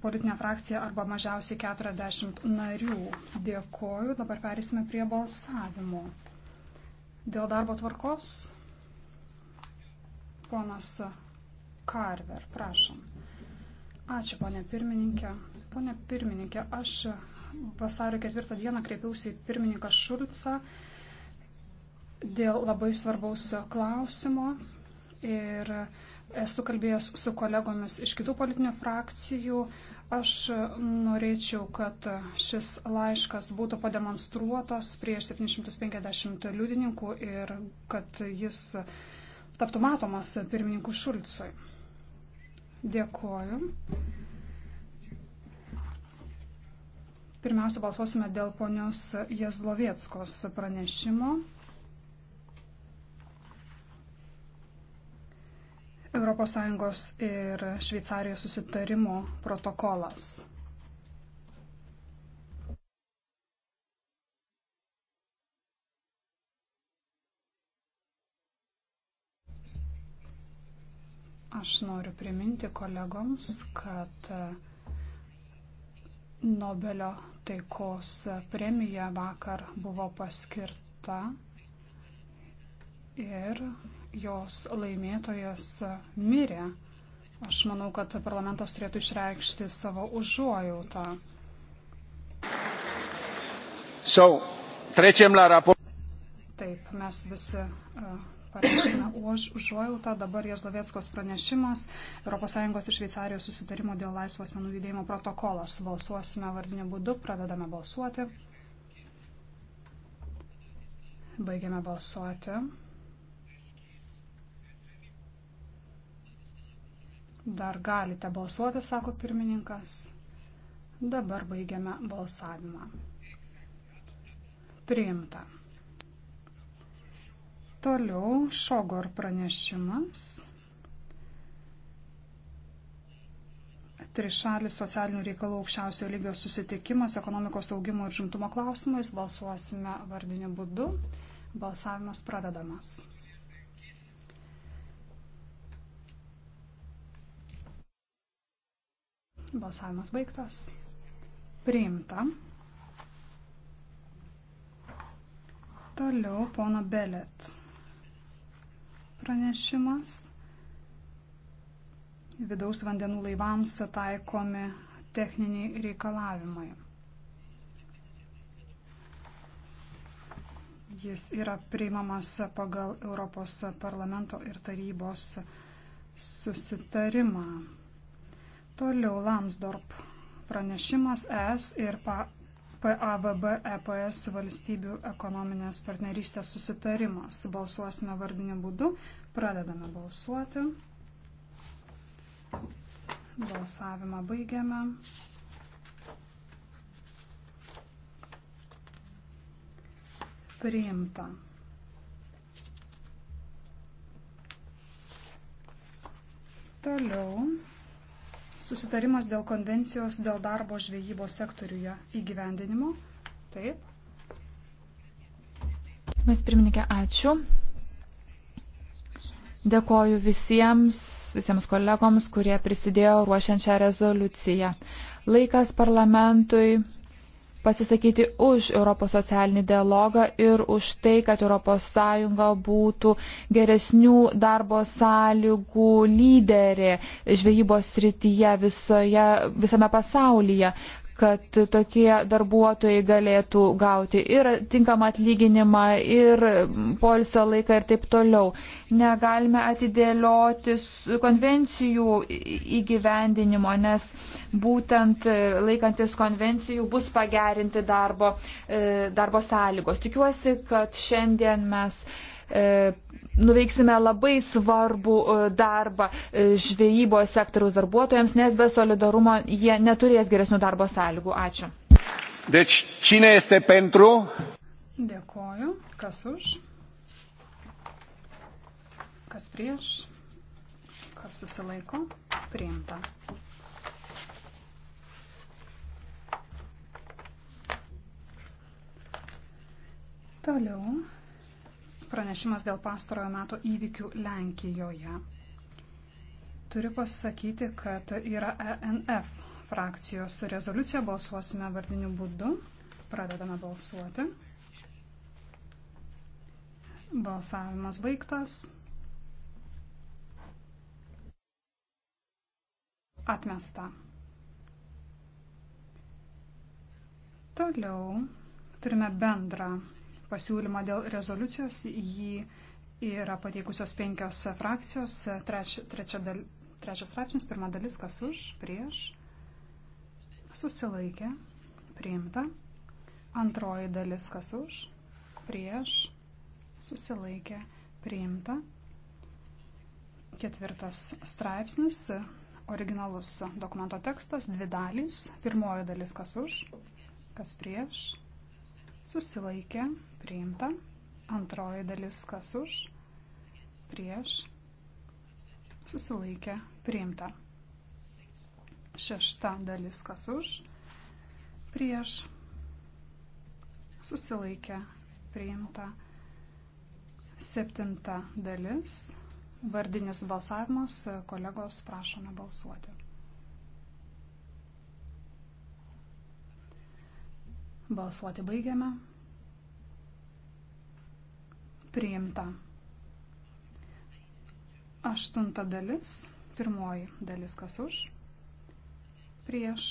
politinę frakciją arba mažiausiai 40 narių. Dėkoju. Dabar perėsime prie balsavimo. Dėl darbo tvarkos. Ponas Karver, prašom. Ačiū, ponė pirmininkė. Pone pirmininkė, aš vasario ketvirtą dieną kreipiausi į pirmininką Šulcą dėl labai svarbaus klausimo ir esu kalbėjęs su kolegomis iš kitų politinių frakcijų. Aš norėčiau, kad šis laiškas būtų pademonstruotas prieš 750 liudininkų ir kad jis taptų matomas pirmininkų Šulcui. Dėkuoju. Pirmiausia, balsuosime dėl ponios Jezlovieckos pranešimo. ES ir Šveicarijos susitarimo protokolas. Aš noriu priminti kolegoms, kad e, Nobelio taikos premija vakar buvo paskirta ir jos laimėtojas mirė. Aš manau, kad parlamentas turėtų išreikšti savo užuojautą. So, trečiam la raport. Taip, mes visi e, pareiškime už, užuojautą. Dabar Jazlovieckos pranešimas ES ir Šveicarijos susitarimo dėl laisvos menų judėjimo protokolas. Balsuosime vardiniu būdu, pradedame balsuoti. Baigiame balsuoti. Dar galite balsuoti, sako pirmininkas. Dabar baigiame balsavimą. Priimta. Toliau Šogor pranešimas. Trišalis socialinių reikalų aukščiausio lygio susitikimas ekonomikos augimo ir žimtumo klausimais. Balsuosime vardiniu būdu. Balsavimas pradedamas. Balsavimas baigtas. Priimta. Toliau pono Belet pranešimas. Vidaus vandenų laivams taikomi techniniai reikalavimai. Jis yra priimamas pagal Europos parlamento ir tarybos susitarimą. Toliau Lamsdorp pranešimas ES ir PAVB EPS valstybių ekonominės partnerystės susitarimas. Balsuosime vardiniu būdu. Pradedame balsuoti. Balsavimą baigiame. Priimta. Toliau Susitarimas dėl konvencijos dėl darbo žvejybos sektoriuje įgyvendinimo. Taip. Mes pirmininkė, ačiū. Dėkoju visiems, visiems kolegoms, kurie prisidėjo ruošiant šią rezoliuciją. Laikas parlamentui pasisakyti už Europos socialinį dialogą ir už tai, kad ES būtų geresnių darbo sąlygų lyderė žvejybos srityje visoje, visame pasaulyje kad tokie darbuotojai galėtų gauti ir tinkamą atlyginimą, ir polsio laiką ir taip toliau. Negalime atidėlioti konvencijų įgyvendinimo, nes būtent e, laikantis konvencijų bus pagerinti darbo, e, darbo sąlygos. Tikiuosi, kad šiandien mes e, nuveiksime labai svarbų e, darbą e, žvejybos sektoriaus darbuotojams, nes be solidarumo jie neturės geresnių darbo sąlygų. Ačiū. Deci, cine este pentru? Dėkoju. Kas už? Kas prieš? Kas susilaiko? Priimta. Toliau pranešimas dėl pastarojo meto įvykių Lenkijoje. Turiu pasakyti, kad yra ENF frakcijos rezoliucija, balsuosime vardiniu būdu. Pradedame balsuoti. Balsavimas baigtas. Atmesta. Toliau turime bendrą pasiūlymą dėl rezoliucijos. Jį yra pateikusios penkios frakcijos. Treč, trečia dal, trečias straipsnis, pirma dalis, kas už, prieš. Susilaikė. Priimta. Antroji dalis, kas už, prieš. Susilaikė. Priimta. Ketvirtas straipsnis, originalus dokumento tekstas, dvi dalys. Pirmoji dalis, kas už, kas prieš susilaikė, priimta. Antroji dalis kas už, prieš, susilaikė, priimta. Šešta dalis kas už, prieš, susilaikė, priimta. Septinta dalis, vardinis balsavimas, kolegos prašome balsuoti. Balsuoti baigiame. Priimta. Aštunta dalis. Pirmoji dalis kas už. Prieš.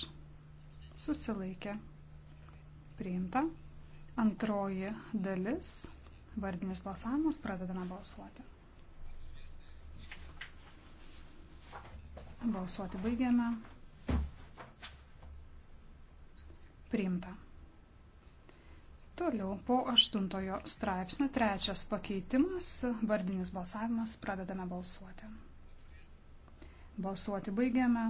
Susilaikė. Priimta. Antroji dalis. Vardinis balsavimas. Pradedame balsuoti. Balsuoti baigiame. Priimta. Toliau po aštuntojo straipsnio trečias pakeitimas, vardinis balsavimas, pradedame balsuoti. Balsuoti baigiame.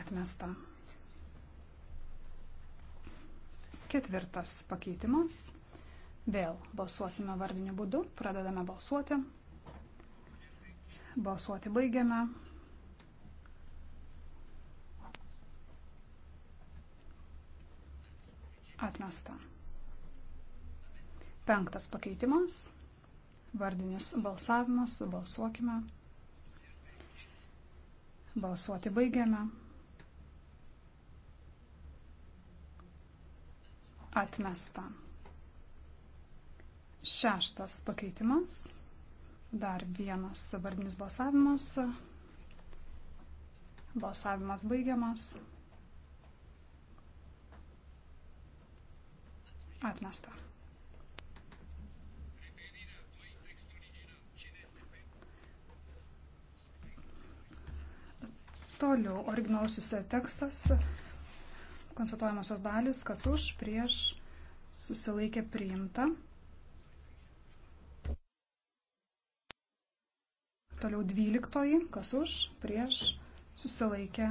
Atmesta. Ketvirtas pakeitimas. Vėl balsuosime vardiniu būdu, pradedame balsuoti. Balsuoti baigiame. Atmesta. Penktas pakeitimas. Vardinis balsavimas. Balsuokime. Balsuoti baigiame. Atmesta. Šeštas pakeitimas. Dar vienas vardinis balsavimas. Balsavimas baigiamas. Atmesta. Toliau originalusis tekstas, konstatuojamosios dalis, kas už, prieš, susilaikė priimta. Toliau dvyliktoji, kas už, prieš, susilaikė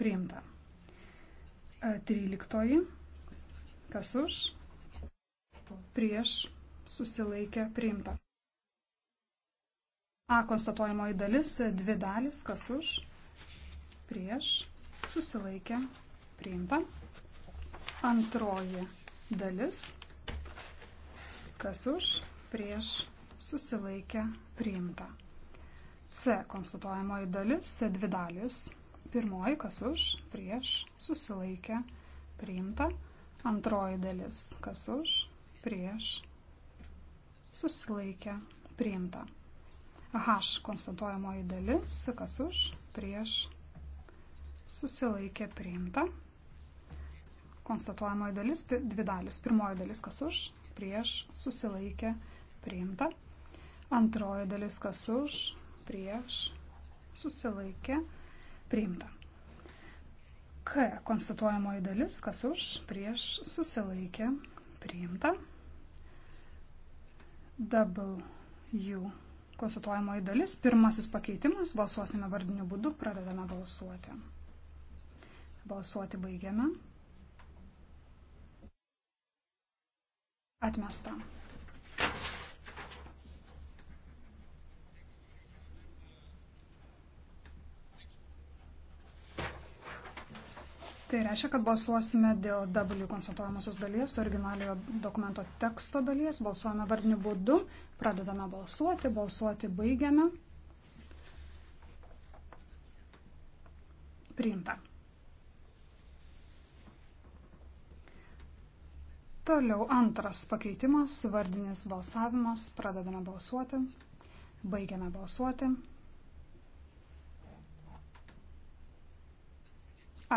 priimta. E, tryliktoji, kas už, prieš susilaikė priimta. A konstatuojamoji dalis, dvi dalis, kas už, prieš susilaikė priimta. Antroji dalis, kas už, prieš susilaikė priimta. C konstatuojamoji dalis, dvi dalis. Pirmoji, kas už, prieš, susilaikė, priimta. Antroji dalis, kas už, prieš, susilaikę, priimta. H konstatuojamoji dalis, kas už, prieš, susilaikė, priimta. Konstatuojamoji dalis, dvi dalis. Pirmoji dalis, kas už, prieš, susilaikė, priimta. Antroji dalis, kas už, prieš, susilaikė, priimta. K konstatuojamoji dalis, kas už, prieš, susilaikė, priimta. W konstatuojamoji dalis. Pirmasis pakeitimas. Balsuosime vardiniu būdu. Pradedame balsuoti. Balsuoti baigiame. Atmesta. Tai reiškia, kad balsuosime dėl W konsultuojamosios dalies, originaliojo dokumento teksto dalies, balsuojame vardiniu būdu, pradedame balsuoti, balsuoti baigiame. Priimta. Toliau antras pakeitimas, vardinis balsavimas, pradedame balsuoti, baigiame balsuoti.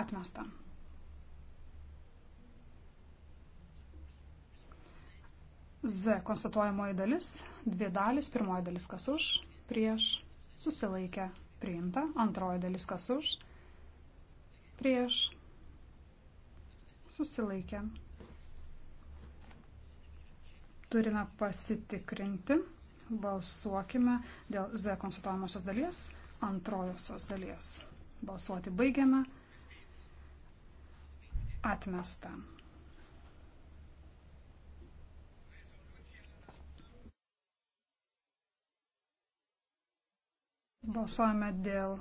Atmestam. Z konstatuojamoji dalis, dvi dalis, pirmoji dalis kas už, prieš, susilaikę, priimta, antroji dalis kas už, prieš, susilaikę. Turime pasitikrinti, balsuokime dėl Z konstatuojamosios dalies, antrojosios dalies. Balsuoti baigiame atmesta. Balsuojame dėl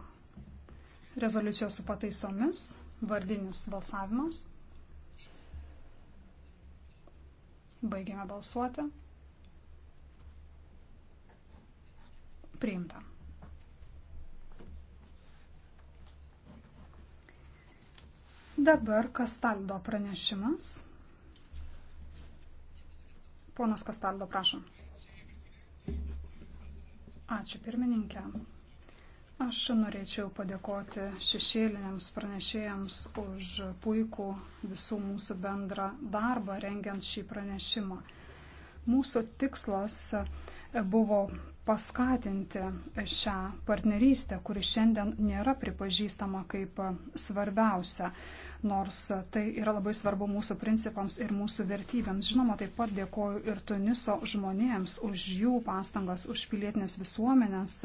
rezoliucijos su pataisomis, vardinis balsavimas. Baigiame balsuoti. Priimta. Dabar Kastaldo pranešimas. Ponas Kastaldo, prašom. Ačiū pirmininkė. Aš norėčiau padėkoti šešėliniams pranešėjams už puikų visų mūsų bendrą darbą rengiant šį pranešimą. Mūsų tikslas buvo paskatinti šią partnerystę, kuri šiandien nėra pripažįstama kaip svarbiausia, nors tai yra labai svarbu mūsų principams ir mūsų vertybėms. Žinoma, taip pat dėkoju ir Tuniso žmonėms už jų pastangas, už pilietinės visuomenės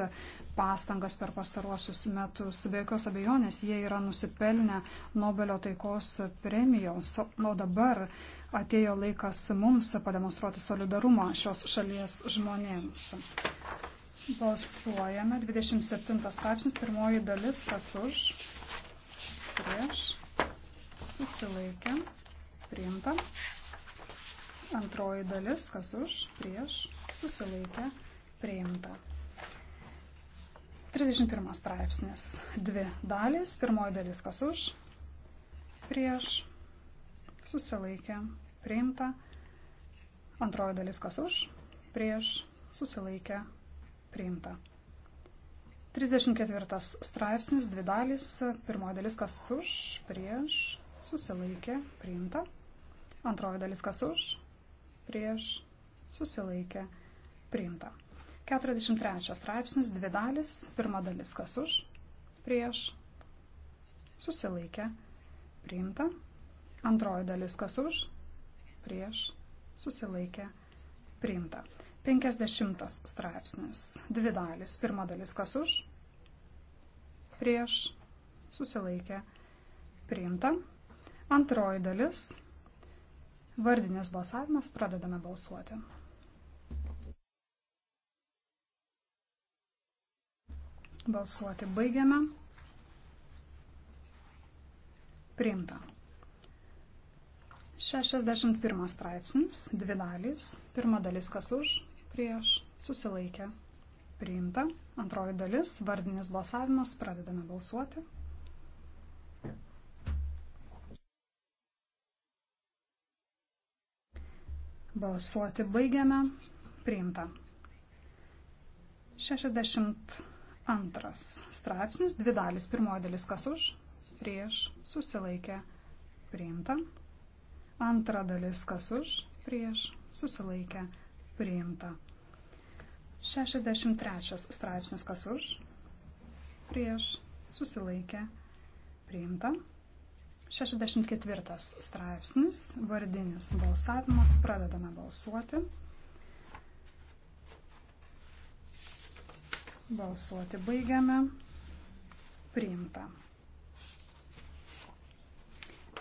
pastangas per pastaruosius metus. Be jokios abejonės, jie yra nusipelnę Nobelio taikos premijos. O dabar atėjo laikas mums pademonstruoti solidarumą šios šalies žmonėms. Balsuojame 27 straipsnis, pirmoji dalis, kas už, prieš, susilaikė, priimta. Antroji dalis, kas už, prieš, susilaikė, priimta. 31 straipsnis, dvi dalis, pirmoji dalis, kas už, prieš, susilaikė, priimta. Antroji dalis kas už, prieš, susilaikė, priimta. 34 straipsnis, dvi dalis, pirmoji dalis kas už, prieš, susilaikė, priimta. Antroji dalis kas už, prieš, susilaikė, priimta. 43 straipsnis, dvi dalis, pirma dalis kas už, prieš, susilaikė, priimta. Antroji dalis kas už, prieš, susilaikė, priimta. 50 straipsnis. Dvi dalis. Pirma dalis kas už, prieš, susilaikė, priimta. Antroji dalis. Vardinės balsavimas. Pradedame balsuoti. Balsuoti baigiame. Priimta. 61 straipsnis, dvi dalys. Pirma dalis kas už, prieš, susilaikė, priimta. Antroji dalis, vardinis balsavimas, pradedame balsuoti. Balsuoti baigiame, priimta. 62 straipsnis, dvi dalis, pirmoji dalis kas už, prieš, susilaikė, priimta. Antra dalis, kas už, prieš, susilaikę, priimta. 63 straipsnis, kas už, prieš, susilaikę, priimta. 64 straipsnis, vardinis balsavimas, pradedame balsuoti. Balsuoti baigiame. Priimta.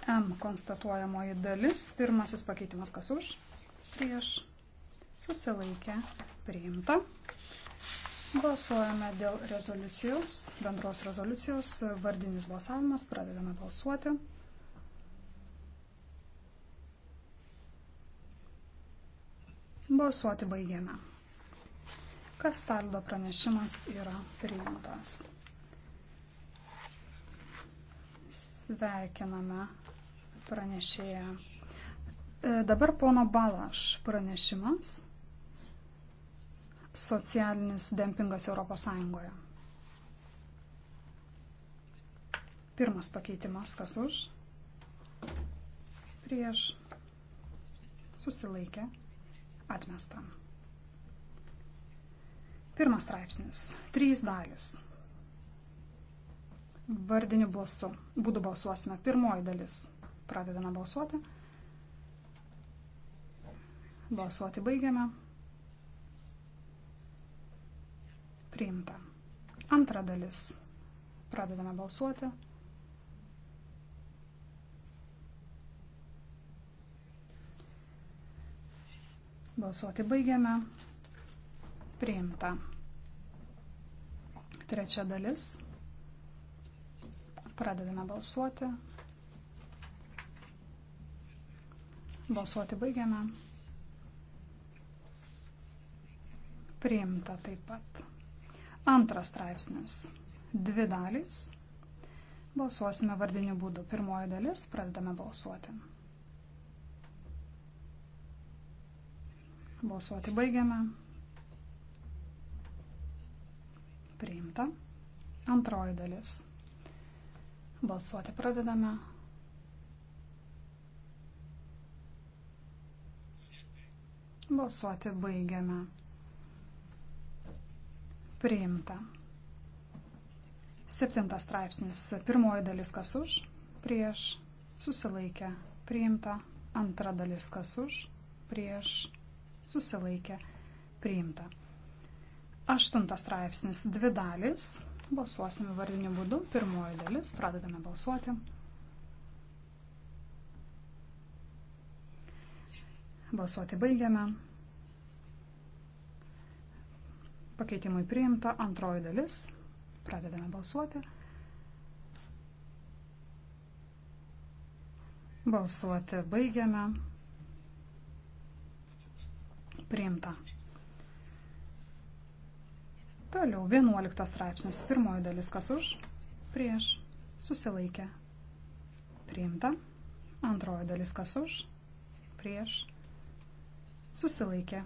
M konstatuojamoji dalis. Pirmasis pakeitimas kas už, prieš, susilaikę, priimta. Balsuojame dėl rezoliucijos, bendros rezoliucijos, vardinis balsavimas, pradedame balsuoti. Balsuoti baigiame. Kastaldo pranešimas yra priimtas sveikiname pranešėja. E, dabar pono Balaš pranešimas. Socialinis dempingas ES. Pirmas pakeitimas, kas už? Prieš. Susilaikė. Atmesta. Pirmas straipsnis. Trys dalis. Vardiniu balsu. Būdu balsuosime. Pirmoji dalis. Pradedame balsuoti. Balsuoti baigiame. Priimta. Antra dalis. Pradedame balsuoti. Balsuoti baigiame. Priimta. Trečia dalis. Pradedame balsuoti. Balsuoti baigiame. Priimta taip pat. Antras straipsnis. Dvi dalys. Balsuosime vardiniu būdu. Pirmoji dalis. Pradedame balsuoti. Balsuoti baigiame. Priimta. Antroji dalis. Balsuoti pradedame. Balsuoti baigiame. Priimta. Septintas straipsnis. Pirmoji dalis kas už, prieš, susilaikė, priimta. Antra dalis kas už, prieš, susilaikė, priimta. Aštuntas straipsnis. Dvi dalis. Balsuosime vardiniu būdu. Pirmoji dalis. Pradedame balsuoti. Balsuoti baigiame. Pakeitimui priimta antroji dalis. Pradedame balsuoti. Balsuoti baigiame. Priimta. Toliau 11 straipsnis. Pirmoji dalis kas už? Prieš. Susilaikė. Priimta. Antroji dalis kas už? Prieš. Susilaikė.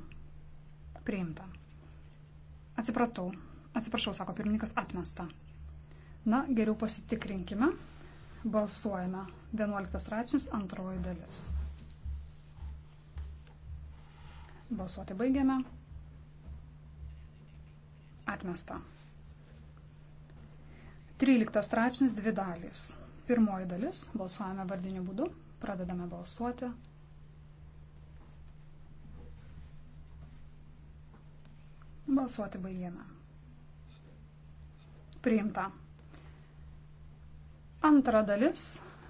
Priimta. Atsipratau. Atsiprašau, sako pirmininkas, atmesta. Na, geriau pasitikrinkime. Balsuojame. 11 straipsnis, antroji dalis. Balsuoti baigiame. Atmesta. 13 straipsnis, dvi dalys. Pirmoji dalis, balsuojame vardiniu būdu, pradedame balsuoti. Balsuoti baigiame. Priimta. Antra dalis.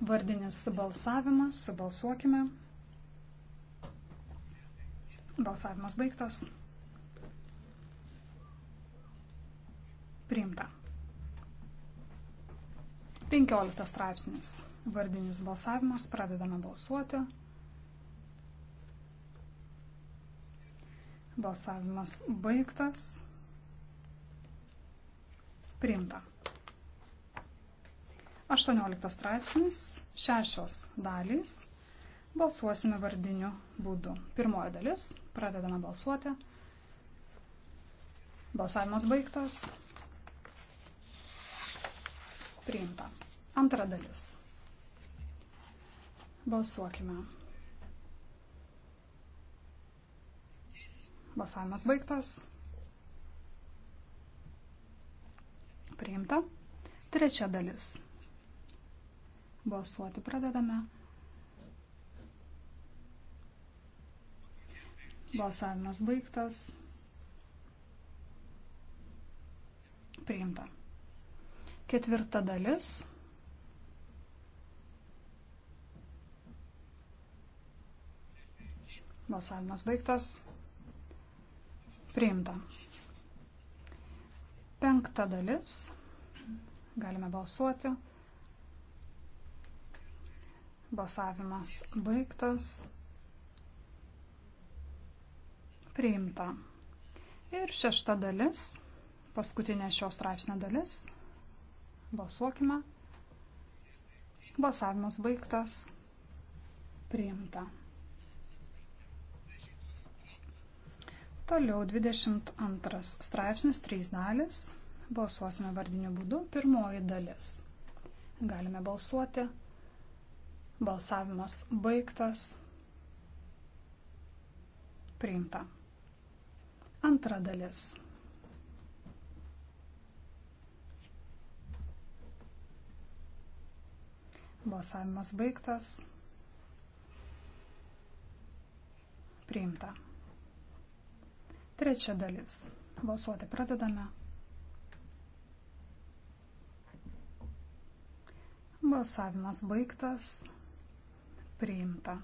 Vardinis balsavimas. Balsuokime. Balsavimas baigtas. Priimta. 15 straipsnis. Vardinis balsavimas. Pradedame balsuoti. Balsavimas baigtas. Priimta. 18 straipsnis, šešios dalys. Balsuosime vardiniu būdu. Pirmoji dalis. Pradedame balsuoti. Balsavimas baigtas. Priimta. Antra dalis. Balsuokime. Balsavimas baigtas. Priimta. Trečia dalis. Balsuoti pradedame. Balsavimas baigtas. Priimta. Ketvirta dalis. Balsavimas baigtas. Priimta. Penkta dalis. Galime balsuoti. Balsavimas baigtas. Priimta. Ir šešta dalis. Paskutinė šios straipsnio dalis. Balsuokime. Balsavimas baigtas. Priimta. Toliau 22 straipsnis, 3 dalis. Balsuosime vardiniu būdu. Pirmoji dalis. Galime balsuoti. Balsavimas baigtas. Priimta. Antra dalis. Balsavimas baigtas. Priimta. Trečia dalis. Balsuoti pradedame. Balsavimas baigtas. Priimta.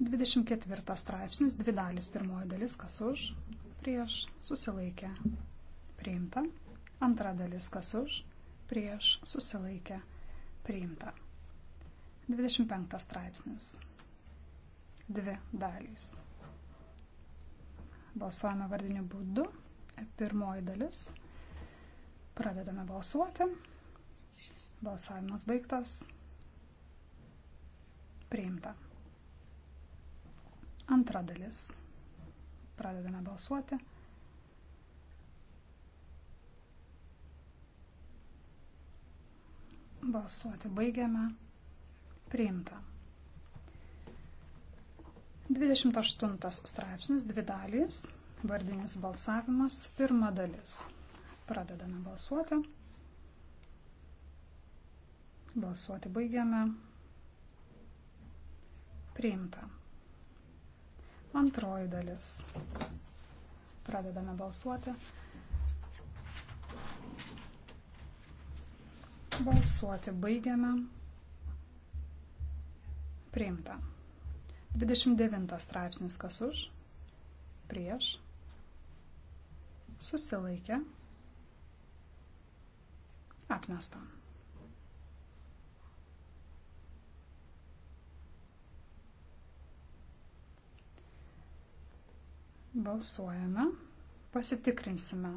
24 straipsnis, dvi dalis, pirmoji dalis, kas už, prieš, susilaikė, priimta, antra dalis, kas už, prieš, susilaikė, priimta. 25 straipsnis, dvi dalys, Balsuojame vardiniu būdu. Pirmoji dalis. Pradedame balsuoti. Balsavimas baigtas. Priimta. Antra dalis. Pradedame balsuoti. Balsuoti baigiame. Priimta. 28 straipsnis, dvi dalys, vardinis balsavimas, pirma dalis. Pradedame balsuoti. Balsuoti baigiame. Priimta. Antroji dalis. Pradedame balsuoti. Balsuoti baigiame. Priimta. 29 straipsnis kas už, prieš, susilaikė, atmesta. Balsuojame, pasitikrinsime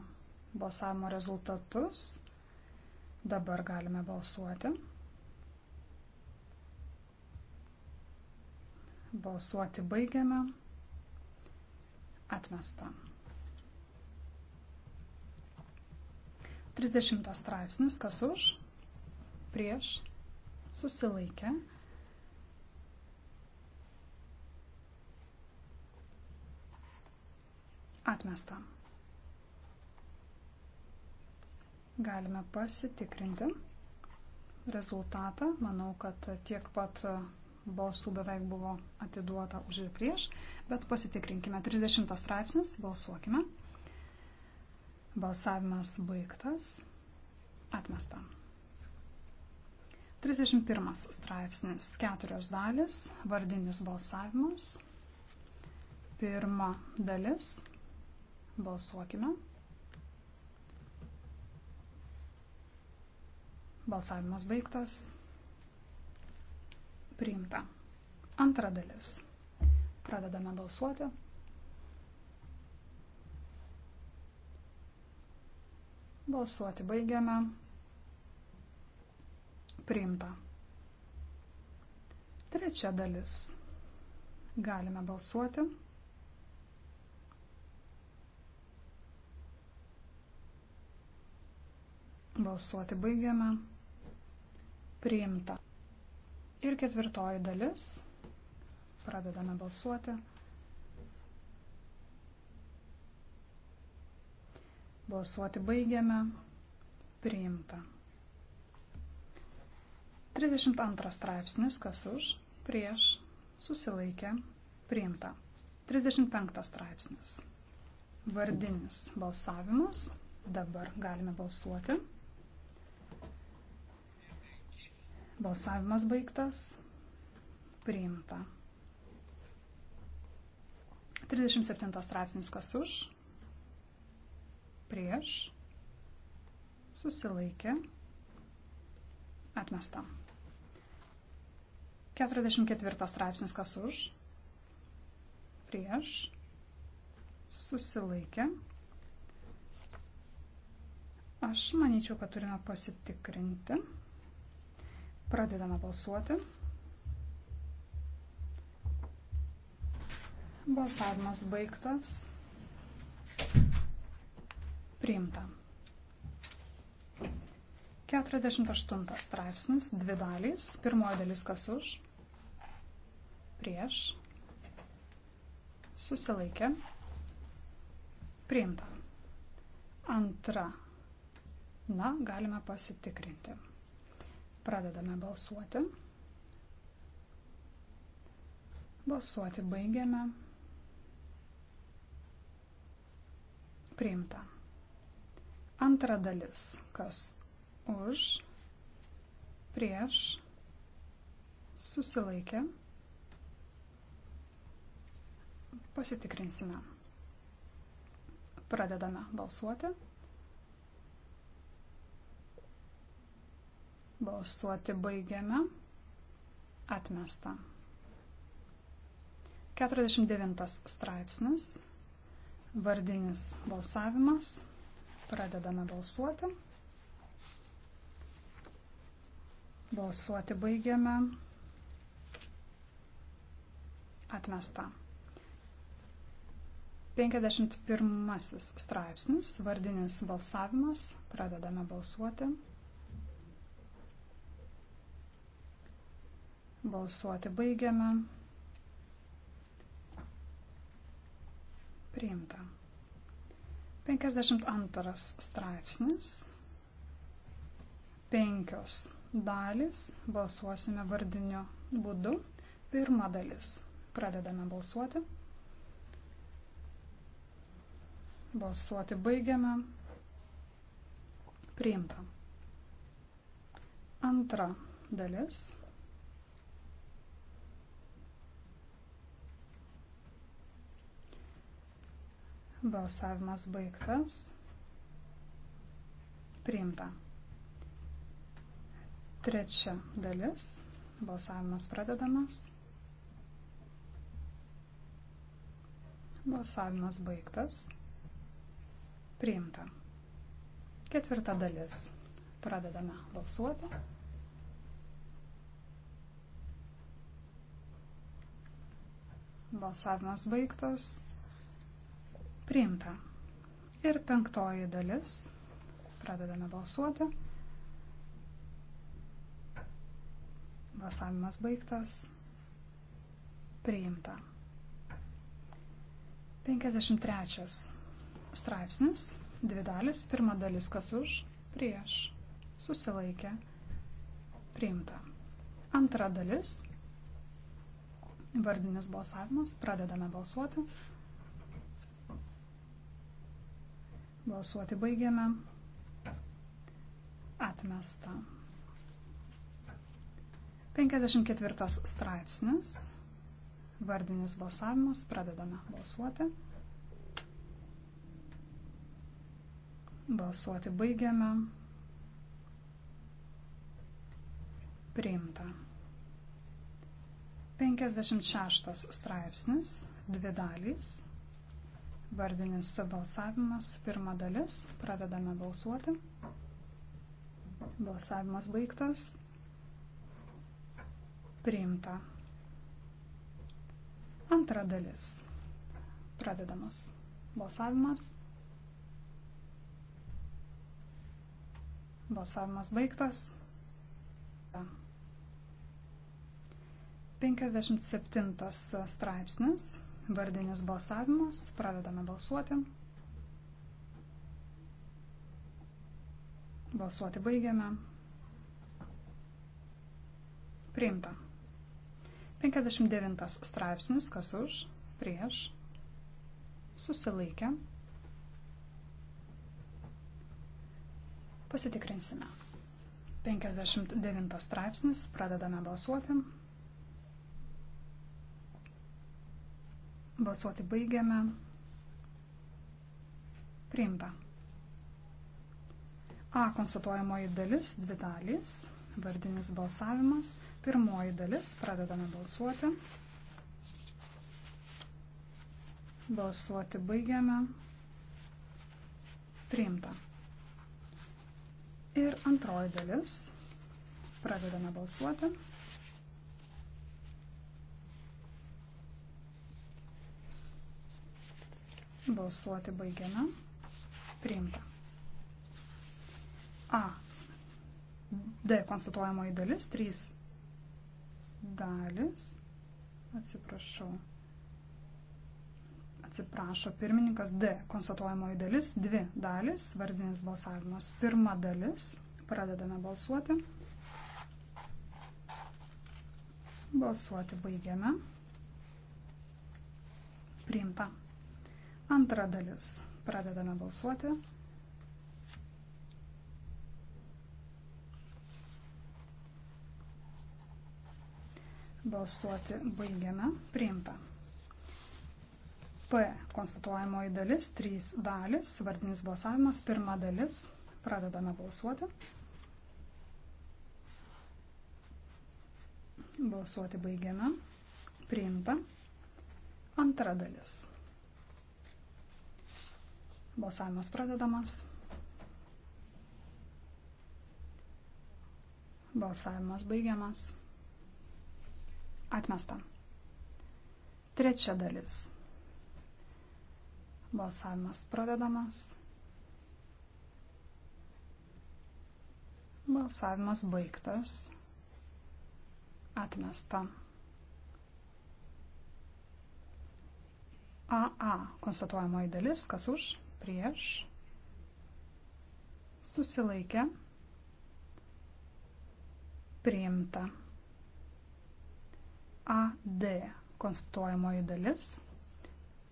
balsavimo rezultatus. Dabar galime balsuoti. Balsuoti baigiame. Atmesta. 30 straipsnis, kas už, prieš, susilaikė. Atmesta. Galime pasitikrinti rezultatą. Manau, kad tiek pat balsų beveik buvo atiduota už ir prieš, bet pasitikrinkime. 30 straipsnis, balsuokime. Balsavimas baigtas, atmesta. 31 straipsnis, keturios dalis, vardinis balsavimas. Pirma dalis, balsuokime. Balsavimas baigtas, priimta. Antra dalis. Pradedame balsuoti. Balsuoti baigiame. Priimta. Trečia dalis. Galime balsuoti. Balsuoti baigiame. Priimta. Ir ketvirtoji dalis. Pradedame balsuoti. Balsuoti baigiame. Priimta. 32 straipsnis, kas už, prieš, susilaikė, priimta. 35 straipsnis. Vardinis balsavimas. Dabar galime balsuoti. Balsavimas baigtas. Priimta. 37 straipsnis kas už. Prieš. Susilaikė. Atmesta. 44 straipsnis kas už. Prieš. Susilaikė. Aš manyčiau, kad turime pasitikrinti. Pradedame balsuoti. Balsavimas baigtas. Priimta. 48 straipsnis, dvi dalys. Pirmoji dalis kas už, prieš, susilaikė, priimta. Antra. Na, galime pasitikrinti. Pradedame balsuoti. Balsuoti baigiame. Priimta. Antra dalis. Kas už, prieš, susilaikė. Pasitikrinsime. Pradedame balsuoti. Balsuoti baigiame. Atmesta. 49 straipsnis. Vardinis balsavimas. Pradedame balsuoti. Balsuoti baigiame. Atmesta. 51 straipsnis, vardinis balsavimas, pradedame balsuoti. Balsuoti baigiame. Priimta. 52 straipsnis. Penkios dalys. Balsuosime vardiniu būdu. Pirma dalis. Pradedame balsuoti. Balsuoti baigiame. Priimta. Antra dalis. Balsavimas baigtas. Priimta. Trečia dalis. Balsavimas pradedamas. Balsavimas baigtas. Priimta. Ketvirta dalis. Pradedame balsuoti. Balsavimas baigtas. Priimta. Ir penktoji dalis. Pradedame balsuoti. Balsavimas baigtas. Priimta. 53 straipsnis, dvi dalis, pirma dalis kas už, prieš, susilaikė, priimta. Antra dalis, vardinis balsavimas, pradedame balsuoti. Balsuoti baigiame. Atmesta. 54 straipsnis. Vardinis balsavimas. Pradedame balsuoti. Balsuoti baigiame. Priimta. 56 straipsnis. Dvi dalys. Vardinis balsavimas, pirma dalis, pradedame balsuoti. Balsavimas baigtas. Priimta. Antra dalis. Pradedamas balsavimas. Balsavimas baigtas. 57 straipsnis vardinis balsavimas. Pradedame balsuoti. Balsuoti baigiame. Priimta. 59 straipsnis, kas už, prieš, susilaikę. Pasitikrinsime. 59 straipsnis, pradedame balsuoti. Balsuoti baigiame. Priimta. A konstatuojamoji dalis, dvi dalys, vardinis balsavimas. Pirmoji dalis, pradedame balsuoti. Balsuoti baigiame. Priimta. Ir antroji dalis, pradedame balsuoti. Balsuoti baigiame. Priimta. A. D konstatuojamoji dalis. 3 dalis. Atsiprašau. Atsiprašo pirmininkas D. Konstatuojamoji dalis. 2 dalis. Vardinis balsavimas. Pirma dalis. Pradedame balsuoti. Balsuoti baigiame. Priimta. Antra dalis. Pradedame balsuoti. Balsuoti baigiame. Priimta. P. Konstatuojamoji dalis. 3 dalis. Vardinis balsavimas. Pirma dalis. Pradedame balsuoti. Balsuoti baigiame. Priimta. Antra dalis. Balsavimas pradedamas. Balsavimas baigiamas. Atmesta. Trečia dalis. Balsavimas pradedamas. Balsavimas baigtas. Atmesta. AA konstatuojamoji dalis, kas už? prieš, susilaikę, priimta. AD konstatuojamoji dalis,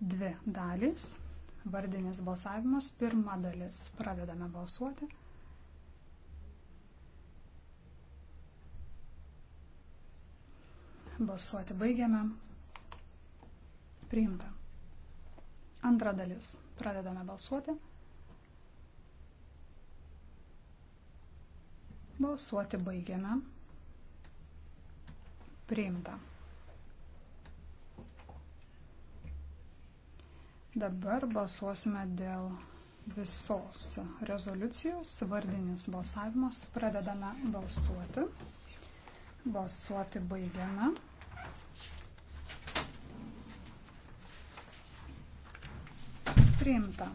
dvi dalys, vardinis balsavimas, pirma dalis, pradedame balsuoti. Balsuoti baigiame. Priimta. Antra dalis. Pradedame balsuoti. Balsuoti baigiame. Priimta. Dabar balsuosime dėl visos rezoliucijos. Vardinis balsavimas. Pradedame balsuoti. Balsuoti baigiame. priimta.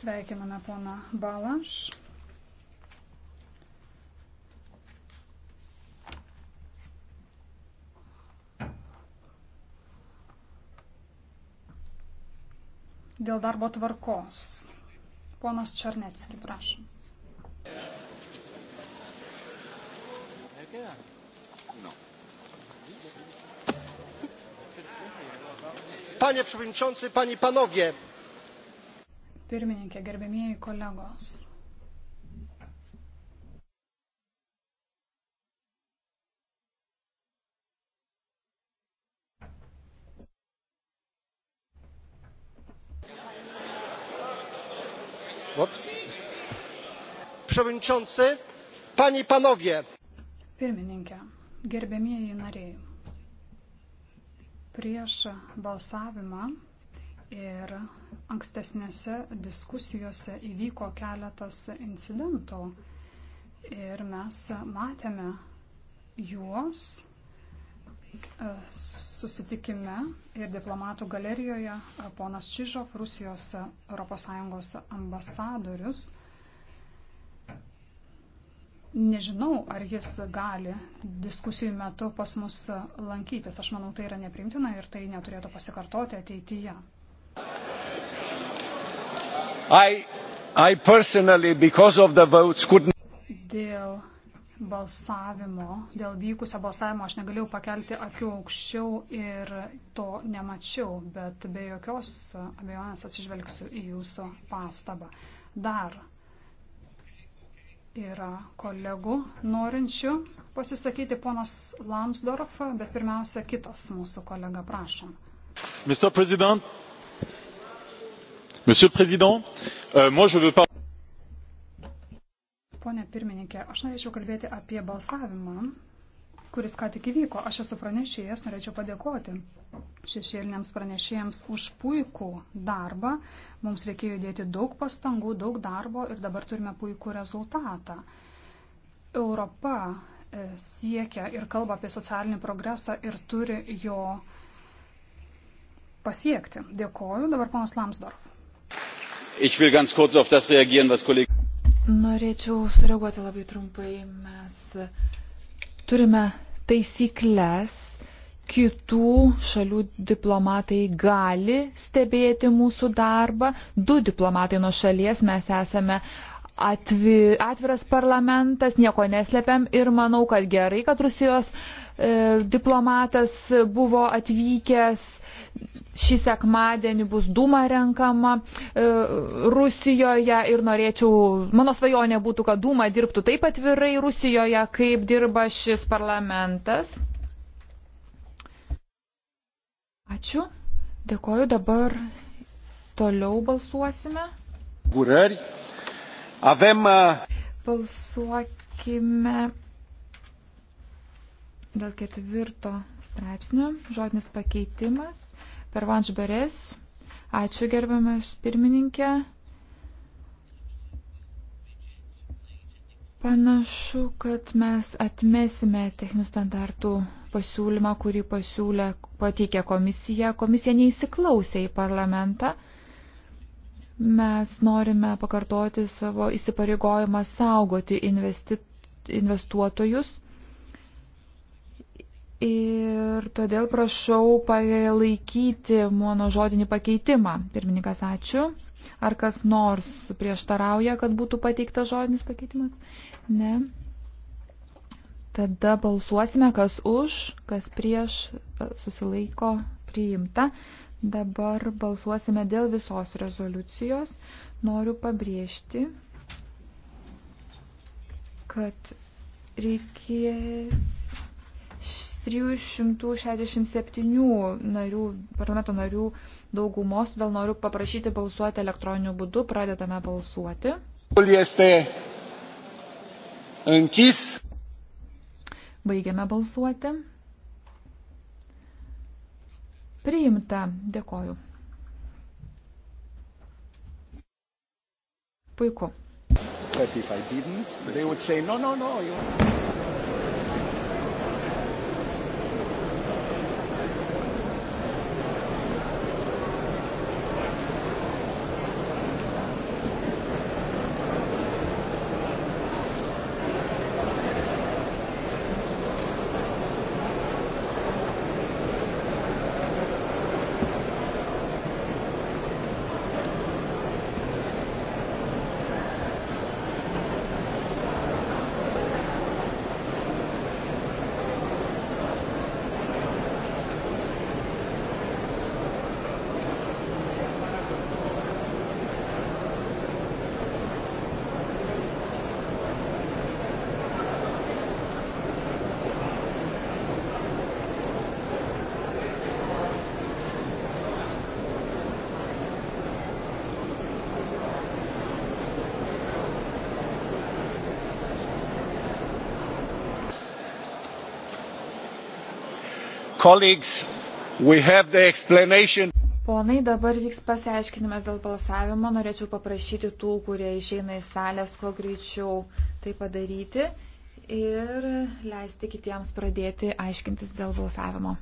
Sveikiname poną Balaš. Dėl darbo tvarkos. Ponas Černecki, prašom. No. Panie przewodniczący, panie i panowie. Pirmininkė, gerbėmieji kolegos. przewodniczący panie i panowie pirmininke gerbiamieji nariai Prieš balsavimą ir ankstesnėse diskusijose įvyko keletas incidentų ir mes matėme juos e, susitikime ir diplomatų galerijoje ponas Čižov, Rusijos ES ambasadorius, Nežinau, ar jis gali diskusijų metu pas mus lankytis. Aš manau, tai yra neprimtina ir tai neturėtų pasikartoti ateityje. I, I votes, could... Dėl balsavimo, dėl vykusio balsavimo aš negalėjau pakelti akių aukščiau ir to nemačiau, bet be jokios abejonės atsižvelgsiu į jūsų pastabą. Dar yra kolegų norinčių pasisakyti ponas Lamsdorf, bet pirmiausia kitas mūsų kolega, prašom. Mr. President, Monsieur le Président, euh, moi je veux pas. Pone pirmininkė, aš norėčiau kalbėti apie balsavimą kuris ką tik įvyko. Aš esu pranešėjas, norėčiau padėkoti šešėliniams pranešėjams už puikų darbą. Mums reikėjo dėti daug pastangų, daug darbo ir dabar turime puikų rezultatą. Europa e, siekia ir kalba apie socialinį progresą ir turi jo pasiekti. Dėkoju. Dabar ponas Lamsdorf. Norėčiau sureaguoti labai trumpai. Mes turime taisyklės, kitų šalių diplomatai gali stebėti mūsų darbą, du diplomatai nuo šalies mes esame atvi, atviras parlamentas, nieko neslepiam ir manau, kad gerai, kad Rusijos e, diplomatas buvo atvykęs Šį sekmadienį bus Duma renkama e, Rusijoje ir norėčiau, mano svajonė būtų, kad Duma dirbtų taip atvirai Rusijoje, kaip dirba šis parlamentas. Ačiū. Dėkoju. Dabar toliau balsuosime. Gurări. Avem. E, Balsuokime dėl ketvirto straipsnio. Žodinis pakeitimas. Pervanš Beres. Ačiū gerbiamas pirmininkė. Panašu, kad mes atmesime techninių standartų pasiūlymą, kurį pasiūlė, pateikė komisija. Komisija neįsiklausė į parlamentą. Mes norime pakartoti savo įsipareigojimą saugoti investi, investuotojus Ir todėl prašau palaikyti mano žodinį pakeitimą. Pirmininkas, ačiū. Ar kas nors prieštarauja, kad būtų pateiktas žodinis pakeitimas? Ne. Tada balsuosime, kas už, kas prieš e, susilaiko priimta. Dabar balsuosime dėl visos rezoliucijos. Noriu pabrėžti, kad reikės 367 narių, parlamento narių daugumos, todėl noriu paprašyti balsuoti elektroniniu būdu. Pradedame balsuoti. Baigiame balsuoti. Priimta. Dėkoju. Puiku. But if I didn't, they would say, no, no, no. You... Ponai, dabar vyks pasiaiškinimas dėl balsavimo. Norėčiau paprašyti tų, kurie išeina iš salės, kuo greičiau tai padaryti ir leisti kitiems pradėti aiškintis dėl balsavimo.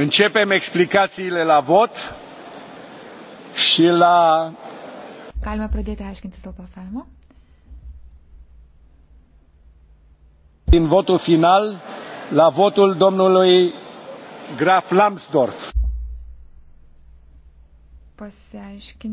Începem explicațiile la vot și la... Galime pradėti aiškintis dėl balsavimo. Din votul final la votul domnului Graf Lambsdorff. Pasiaiškinti.